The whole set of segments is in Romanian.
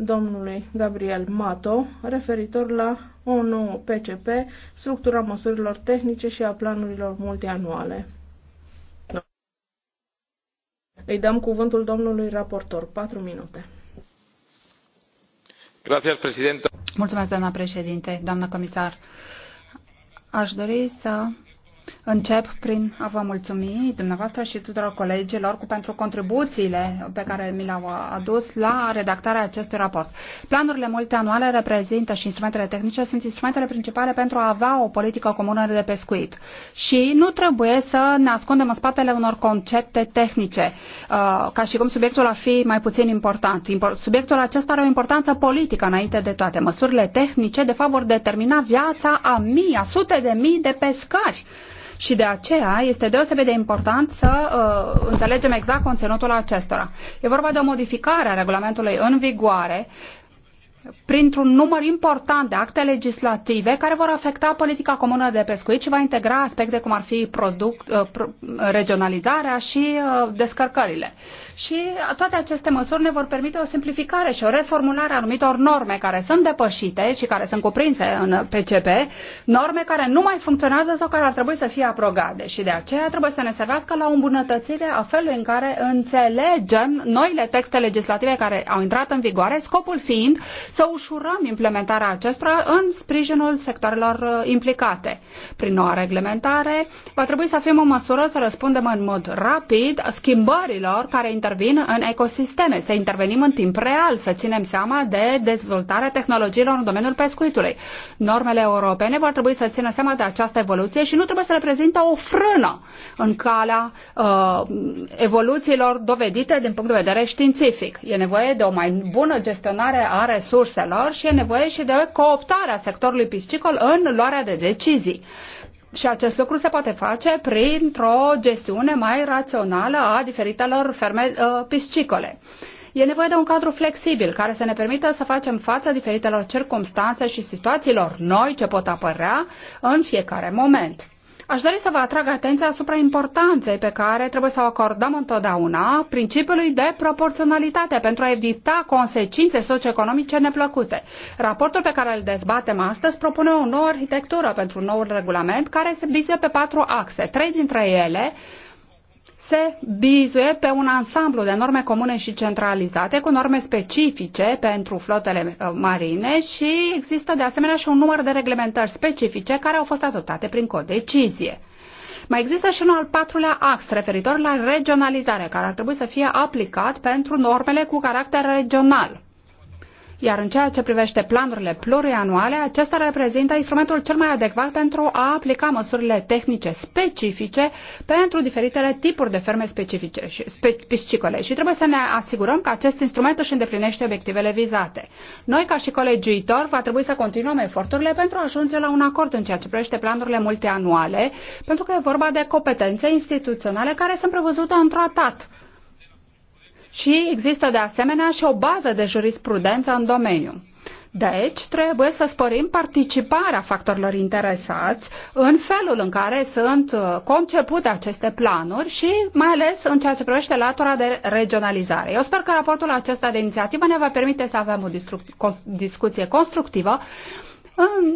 domnului Gabriel Mato referitor la o nouă PCP, structura măsurilor tehnice și a planurilor multianuale. Îi dăm cuvântul domnului raportor. Patru minute. Gracias, Mulțumesc, doamna președinte, doamna comisar. Aș dori să Încep prin a vă mulțumi dumneavoastră și tuturor colegilor cu pentru contribuțiile pe care mi le-au adus la redactarea acestui raport. Planurile multianuale reprezintă și instrumentele tehnice sunt instrumentele principale pentru a avea o politică comună de pescuit. Și nu trebuie să ne ascundem în spatele unor concepte tehnice, uh, ca și cum subiectul ar fi mai puțin important. Subiectul acesta are o importanță politică înainte de toate. Măsurile tehnice, de fapt, vor determina viața a mii, a sute de mii de pescari și de aceea este deosebit de important să uh, înțelegem exact conținutul acestora. E vorba de o modificare a regulamentului în vigoare printr-un număr important de acte legislative care vor afecta politica comună de pescuit și va integra aspecte cum ar fi product, uh, regionalizarea și uh, descărcările. Și toate aceste măsuri ne vor permite o simplificare și o reformulare a anumitor norme care sunt depășite și care sunt cuprinse în PCP, norme care nu mai funcționează sau care ar trebui să fie aprogate. Și de aceea trebuie să ne servească la o îmbunătățire a felului în care înțelegem noile texte legislative care au intrat în vigoare, scopul fiind să ușurăm implementarea acestora în sprijinul sectoarelor uh, implicate. Prin noua reglementare, va trebui să fim în măsură să răspundem în mod rapid schimbărilor care intervin în ecosisteme, să intervenim în timp real, să ținem seama de dezvoltarea tehnologiilor în domeniul pescuitului. Normele europene vor trebui să țină seama de această evoluție și nu trebuie să reprezintă o frână în calea uh, evoluțiilor dovedite din punct de vedere științific. E nevoie de o mai bună gestionare a resurselor resurselor și e nevoie și de cooptarea sectorului piscicol în luarea de decizii. Și acest lucru se poate face printr-o gestiune mai rațională a diferitelor ferme uh, piscicole. E nevoie de un cadru flexibil care să ne permită să facem față diferitelor circumstanțe și situațiilor noi ce pot apărea în fiecare moment. Aș dori să vă atrag atenția asupra importanței pe care trebuie să o acordăm întotdeauna principiului de proporționalitate pentru a evita consecințe socioeconomice neplăcute. Raportul pe care îl dezbatem astăzi propune o nouă arhitectură pentru noul regulament care se vizează pe patru axe. Trei dintre ele se bizuie pe un ansamblu de norme comune și centralizate, cu norme specifice pentru flotele uh, marine și există de asemenea și un număr de reglementări specifice care au fost adoptate prin codecizie. Mai există și un al patrulea ax referitor la regionalizare, care ar trebui să fie aplicat pentru normele cu caracter regional. Iar în ceea ce privește planurile plurianuale, acesta reprezintă instrumentul cel mai adecvat pentru a aplica măsurile tehnice specifice pentru diferitele tipuri de ferme specifice și spe, piscicole. Și trebuie să ne asigurăm că acest instrument își îndeplinește obiectivele vizate. Noi, ca și colegiuitor, va trebui să continuăm eforturile pentru a ajunge la un acord în ceea ce privește planurile multianuale, pentru că e vorba de competențe instituționale care sunt prevăzute în tratat și există de asemenea și o bază de jurisprudență în domeniu. Deci, trebuie să sporim participarea factorilor interesați în felul în care sunt uh, concepute aceste planuri și mai ales în ceea ce privește latura de regionalizare. Eu sper că raportul acesta de inițiativă ne va permite să avem o discuție constructivă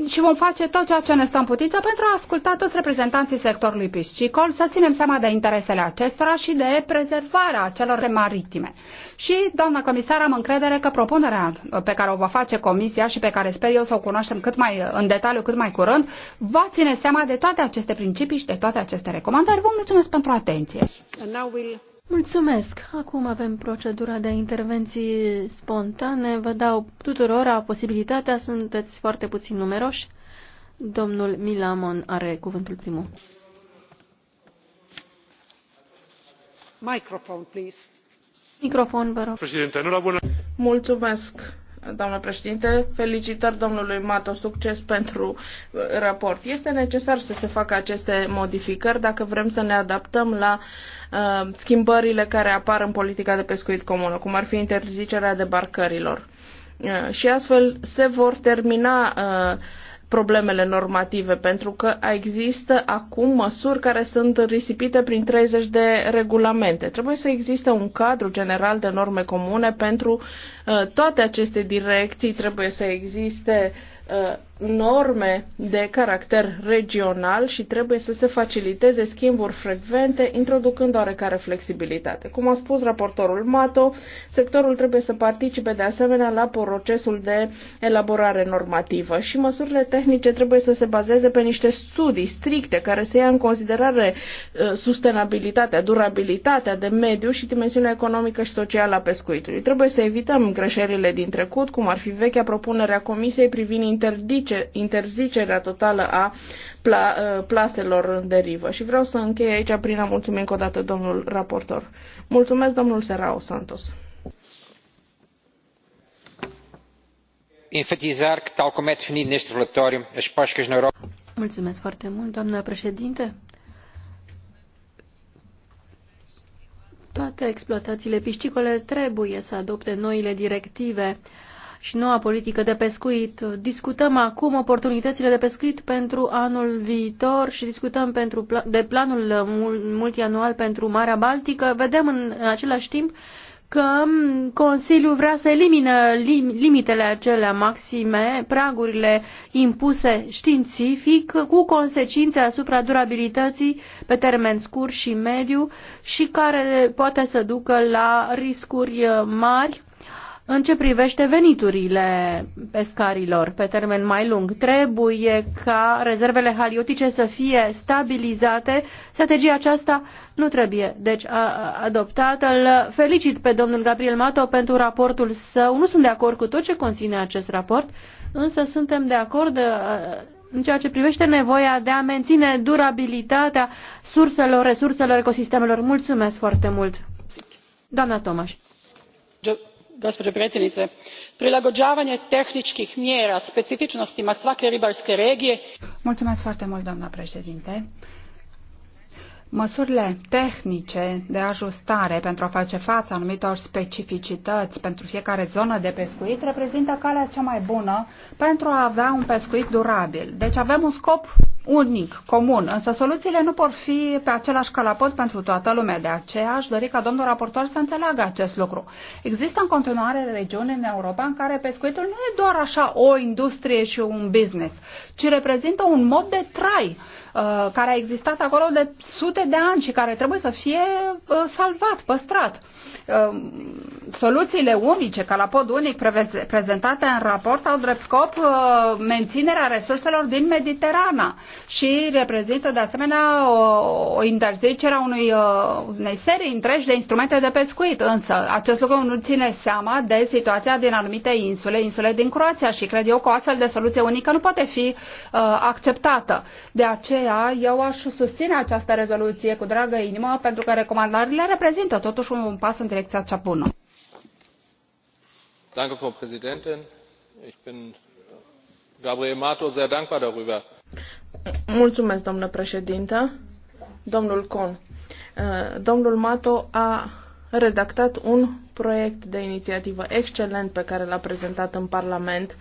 și vom face tot ceea ce ne stă în putință pentru a asculta toți reprezentanții sectorului piscicol, să ținem seama de interesele acestora și de prezervarea celor maritime. Și, doamna comisar, am încredere că propunerea pe care o va face comisia și pe care sper eu să o cunoaștem cât mai în detaliu, cât mai curând, va ține seama de toate aceste principii și de toate aceste recomandări. Vă mulțumesc pentru atenție. Mulțumesc! Acum avem procedura de intervenții spontane. Vă dau tuturora posibilitatea, sunteți foarte puțin numeroși. Domnul Milamon are cuvântul primul. Microfon, please. Microfon, vă rog. Președinte, bună. Mulțumesc! doamnă președinte. Felicitări domnului Mato, succes pentru uh, raport. Este necesar să se facă aceste modificări dacă vrem să ne adaptăm la uh, schimbările care apar în politica de pescuit comună, cum ar fi interzicerea debarcărilor. Uh, și astfel se vor termina uh, problemele normative, pentru că există acum măsuri care sunt risipite prin 30 de regulamente. Trebuie să existe un cadru general de norme comune pentru uh, toate aceste direcții, trebuie să existe uh, norme de caracter regional și trebuie să se faciliteze schimburi frecvente, introducând oarecare flexibilitate. Cum a spus raportorul Mato, sectorul trebuie să participe de asemenea la procesul de elaborare normativă și măsurile tehnice trebuie să se bazeze pe niște studii stricte care să ia în considerare uh, sustenabilitatea, durabilitatea de mediu și dimensiunea economică și socială a pescuitului. Trebuie să evităm greșelile din trecut, cum ar fi vechea propunere a Comisiei privind interdicția interzicerea totală a pla, uh, plaselor în derivă. Și vreau să închei aici prin a mulțumi încă o dată domnul raportor. Mulțumesc, domnul Serao Santos. Enfatizar că, tal cum este definit neste relatório, as pescas na Europa. Mulțumesc foarte mult, doamna președinte. Toate exploatațiile piscicole trebuie să adopte noile directive și noua politică de pescuit. Discutăm acum oportunitățile de pescuit pentru anul viitor și discutăm pentru, de planul multianual pentru Marea Baltică. Vedem în, în același timp că mm, Consiliul vrea să elimine limitele acelea maxime, pragurile impuse științific, cu consecințe asupra durabilității pe termen scurt și mediu și care poate să ducă la riscuri uh, mari în ce privește veniturile pescarilor pe termen mai lung, trebuie ca rezervele haliotice să fie stabilizate. Strategia aceasta nu trebuie, deci, adoptată. Îl felicit pe domnul Gabriel Mato pentru raportul său. Nu sunt de acord cu tot ce conține acest raport, însă suntem de acord în ceea ce privește nevoia de a menține durabilitatea surselor, resurselor, ecosistemelor. Mulțumesc foarte mult! Doamna Tomaș gospođo predsjednice prilagođavanje tehničkih mjera specifičnostima svake ribarske regije. Măsurile tehnice de ajustare pentru a face față anumitor specificități pentru fiecare zonă de pescuit reprezintă calea cea mai bună pentru a avea un pescuit durabil. Deci avem un scop unic, comun, însă soluțiile nu pot fi pe același calapot pentru toată lumea. De aceea aș dori ca domnul raportor să înțeleagă acest lucru. Există în continuare regiuni în Europa în care pescuitul nu e doar așa o industrie și un business, ci reprezintă un mod de trai Uh, care a existat acolo de sute de ani și care trebuie să fie uh, salvat, păstrat. Uh, soluțiile unice, ca la pod unic prezentate în raport, au drept scop menținerea resurselor din Mediterana și reprezintă de asemenea o, interzicere a unui, unei serii întregi de instrumente de pescuit. Însă, acest lucru nu ține seama de situația din anumite insule, insule din Croația și cred eu că o astfel de soluție unică nu poate fi acceptată. De aceea, aceea eu aș susține această rezoluție cu dragă inimă pentru că recomandările reprezintă totuși un pas în direcția cea bună. Danke, Frau Präsidentin. Ich bin Gabriel Mato sehr dankbar darüber. Mulțumesc, domnule președinte. Domnul Con. Uh, domnul Mato a redactat un proiect de inițiativă excelent pe care l-a prezentat în Parlament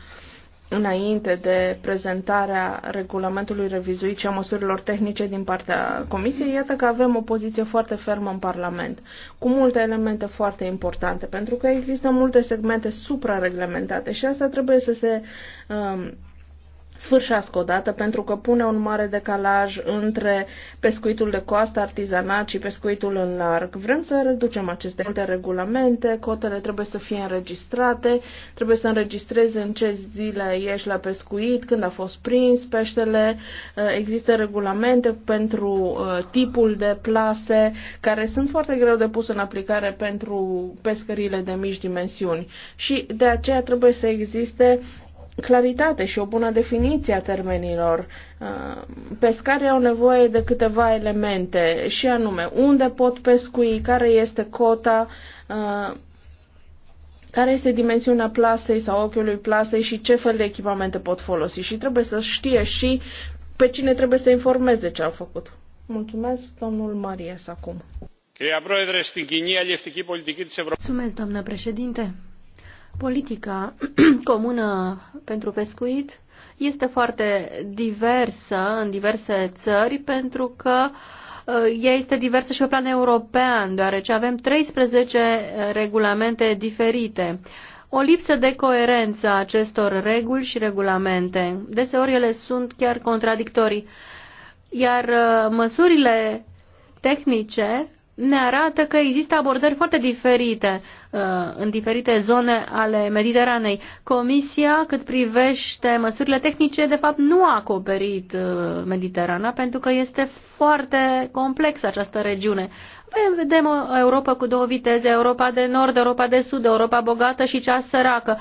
înainte de prezentarea regulamentului revizuit și a măsurilor tehnice din partea Comisiei, iată că avem o poziție foarte fermă în Parlament, cu multe elemente foarte importante, pentru că există multe segmente suprareglementate și asta trebuie să se um, sfârșească odată pentru că pune un mare decalaj între pescuitul de coastă, artizanat și pescuitul în larg. Vrem să reducem aceste multe regulamente, cotele trebuie să fie înregistrate, trebuie să înregistreze în ce zile ieși la pescuit, când a fost prins peștele, eh, există regulamente pentru eh, tipul de plase care sunt foarte greu de pus în aplicare pentru pescările de mici dimensiuni și de aceea trebuie să existe claritate și o bună definiție a termenilor. Uh, pescarii au nevoie de câteva elemente și anume unde pot pescui, care este cota, uh, care este dimensiunea plasei sau ochiului plasei și ce fel de echipamente pot folosi. Și trebuie să știe și pe cine trebuie să informeze ce au făcut. Mulțumesc, domnul Marias, acum. Mulțumesc, domnule președinte. Politica comună pentru pescuit este foarte diversă în diverse țări pentru că uh, ea este diversă și pe plan european, deoarece avem 13 uh, regulamente diferite. O lipsă de coerență a acestor reguli și regulamente. Deseori ele sunt chiar contradictorii. Iar uh, măsurile tehnice ne arată că există abordări foarte diferite uh, în diferite zone ale Mediteranei. Comisia, cât privește măsurile tehnice, de fapt nu a acoperit uh, Mediterana pentru că este foarte complexă această regiune. Vedem o uh, Europa cu două viteze, Europa de Nord, Europa de Sud, Europa bogată și cea săracă.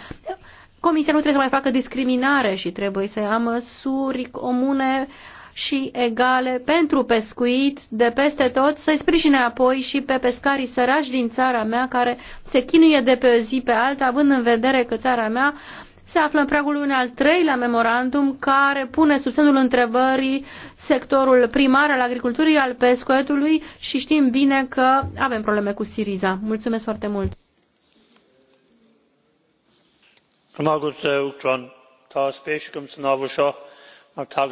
Comisia nu trebuie să mai facă discriminare și trebuie să ia măsuri comune uh, și egale pentru pescuit de peste tot, să-i sprijine apoi și pe pescarii săraci din țara mea care se chinuie de pe o zi pe alta, având în vedere că țara mea se află în pragul unui al treilea memorandum care pune sub semnul întrebării sectorul primar al agriculturii, al pescuitului și știm bine că avem probleme cu Siriza. Mulțumesc foarte mult! Margaret ta tá spéisiúm san ábhar avușa. Da-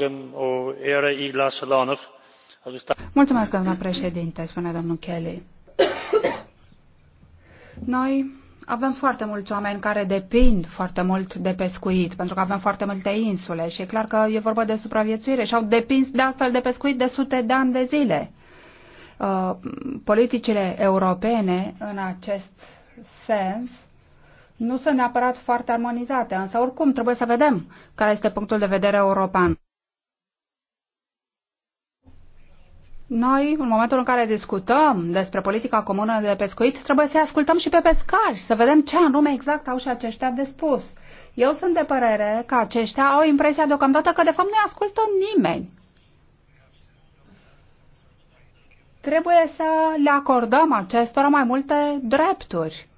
Mulțumesc, doamnă președinte, spune domnul Kelly. Noi avem foarte mulți oameni care depind foarte mult de pescuit, pentru că avem foarte multe insule și e clar că e vorba de supraviețuire și au depins de altfel de pescuit de sute de ani de zile. Uh, politicile europene în acest sens nu sunt neapărat foarte armonizate, însă oricum trebuie să vedem care este punctul de vedere european. Noi, în momentul în care discutăm despre politica comună de pescuit, trebuie să-i ascultăm și pe pescari, să vedem ce anume exact au și aceștia de spus. Eu sunt de părere că aceștia au impresia deocamdată că de fapt nu-i ascultă nimeni. Trebuie să le acordăm acestora mai multe drepturi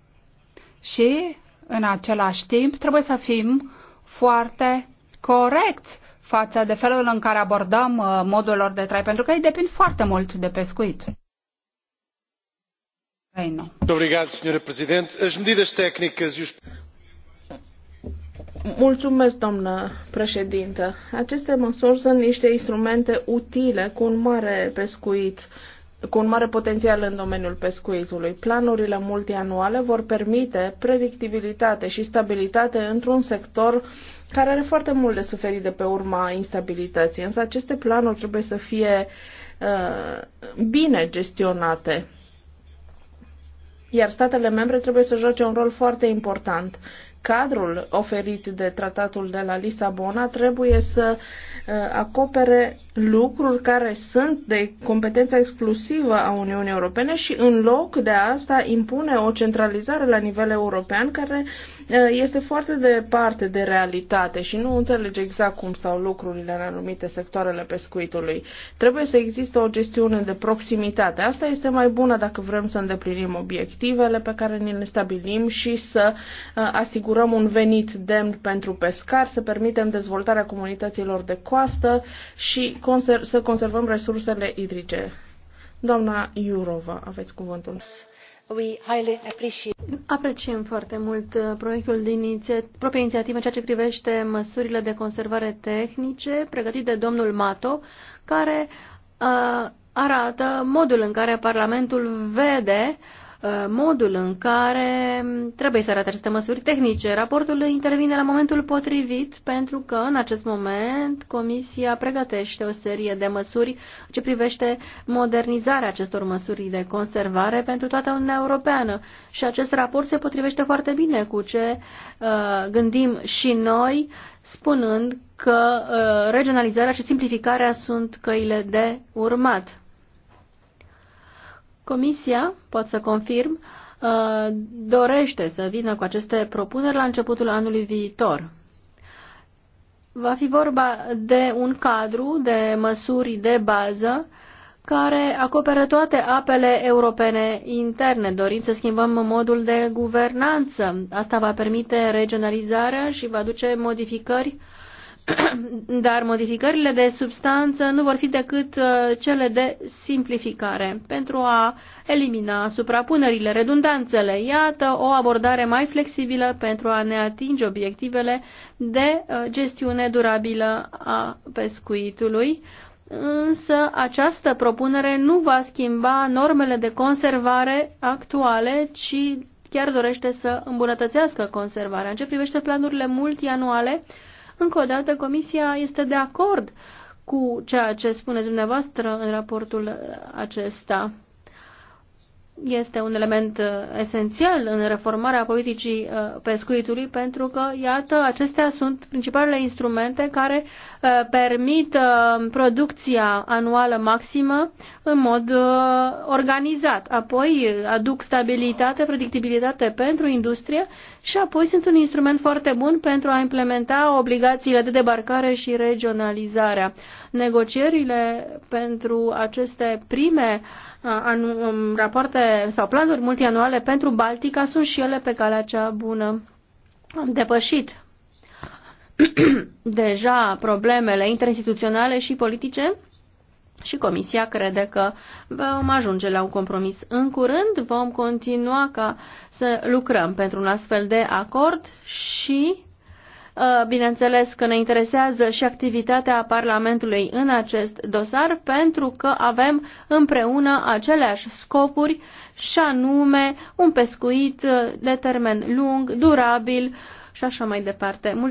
și în același timp trebuie să fim foarte corect față de felul în care abordăm uh, modul lor de trai, pentru că ei depind foarte mult de pescuit. Mulțumesc, doamnă președintă. Aceste măsuri sunt niște instrumente utile cu un mare pescuit cu un mare potențial în domeniul pescuitului. Planurile multianuale vor permite predictibilitate și stabilitate într-un sector care are foarte mult de suferit de pe urma instabilității, însă aceste planuri trebuie să fie uh, bine gestionate. Iar statele membre trebuie să joace un rol foarte important. Cadrul oferit de tratatul de la Lisabona trebuie să uh, acopere lucruri care sunt de competența exclusivă a Uniunii Europene și în loc de asta impune o centralizare la nivel european care uh, Eh, este foarte departe de realitate și nu înțelege exact cum stau lucrurile în anumite sectoarele pescuitului. Trebuie să existe o gestiune de proximitate. Asta este mai bună dacă vrem să îndeplinim obiectivele pe care ni le stabilim și să eh, asigurăm un venit demn pentru pescar, să permitem dezvoltarea comunităților de coastă și conser- să conservăm resursele hidrice. Doamna Iurova, aveți cuvântul. Apreciem foarte mult uh, proiectul de inițiativă, propria inițiativă în ceea ce privește măsurile de conservare tehnice pregătit de domnul Mato, care uh, arată modul în care Parlamentul vede uh, Uh, modul în care um, trebuie să arate aceste măsuri tehnice. Raportul intervine la momentul potrivit pentru că în acest moment Comisia pregătește o serie de măsuri ce privește modernizarea acestor măsuri de conservare pentru toată Uniunea Europeană și acest raport se potrivește foarte bine cu ce uh, gândim și noi spunând că uh, regionalizarea și simplificarea sunt căile de urmat. Comisia, pot să confirm, uh, dorește să vină cu aceste propuneri la începutul anului viitor. Va fi vorba de un cadru de măsuri de bază care acoperă toate apele europene interne. Dorim să schimbăm modul de guvernanță. Asta va permite regionalizarea și va duce modificări dar modificările de substanță nu vor fi decât uh, cele de simplificare pentru a elimina suprapunerile, redundanțele. Iată o abordare mai flexibilă pentru a ne atinge obiectivele de uh, gestiune durabilă a pescuitului, însă această propunere nu va schimba normele de conservare actuale, ci chiar dorește să îmbunătățească conservarea. În ce privește planurile multianuale, încă o dată, Comisia este de acord cu ceea ce spuneți dumneavoastră în raportul acesta este un element uh, esențial în reformarea politicii uh, pescuitului pentru că, iată, acestea sunt principalele instrumente care uh, permit producția anuală maximă în mod organizat. Apoi aduc stabilitate, predictibilitate pentru industrie și apoi sunt un instrument foarte bun pentru a implementa obligațiile de debarcare și regionalizarea negocierile pentru aceste prime um, rapoarte sau planuri multianuale pentru Baltica sunt și ele pe calea cea bună. Am depășit deja problemele interinstituționale și politice și Comisia crede că vom ajunge la un compromis. În curând vom continua ca să lucrăm pentru un astfel de acord și Uh, bineînțeles că ne interesează și activitatea Parlamentului în acest dosar pentru că avem împreună aceleași scopuri și anume un pescuit uh, de termen lung, durabil și așa mai departe. Mulțumesc.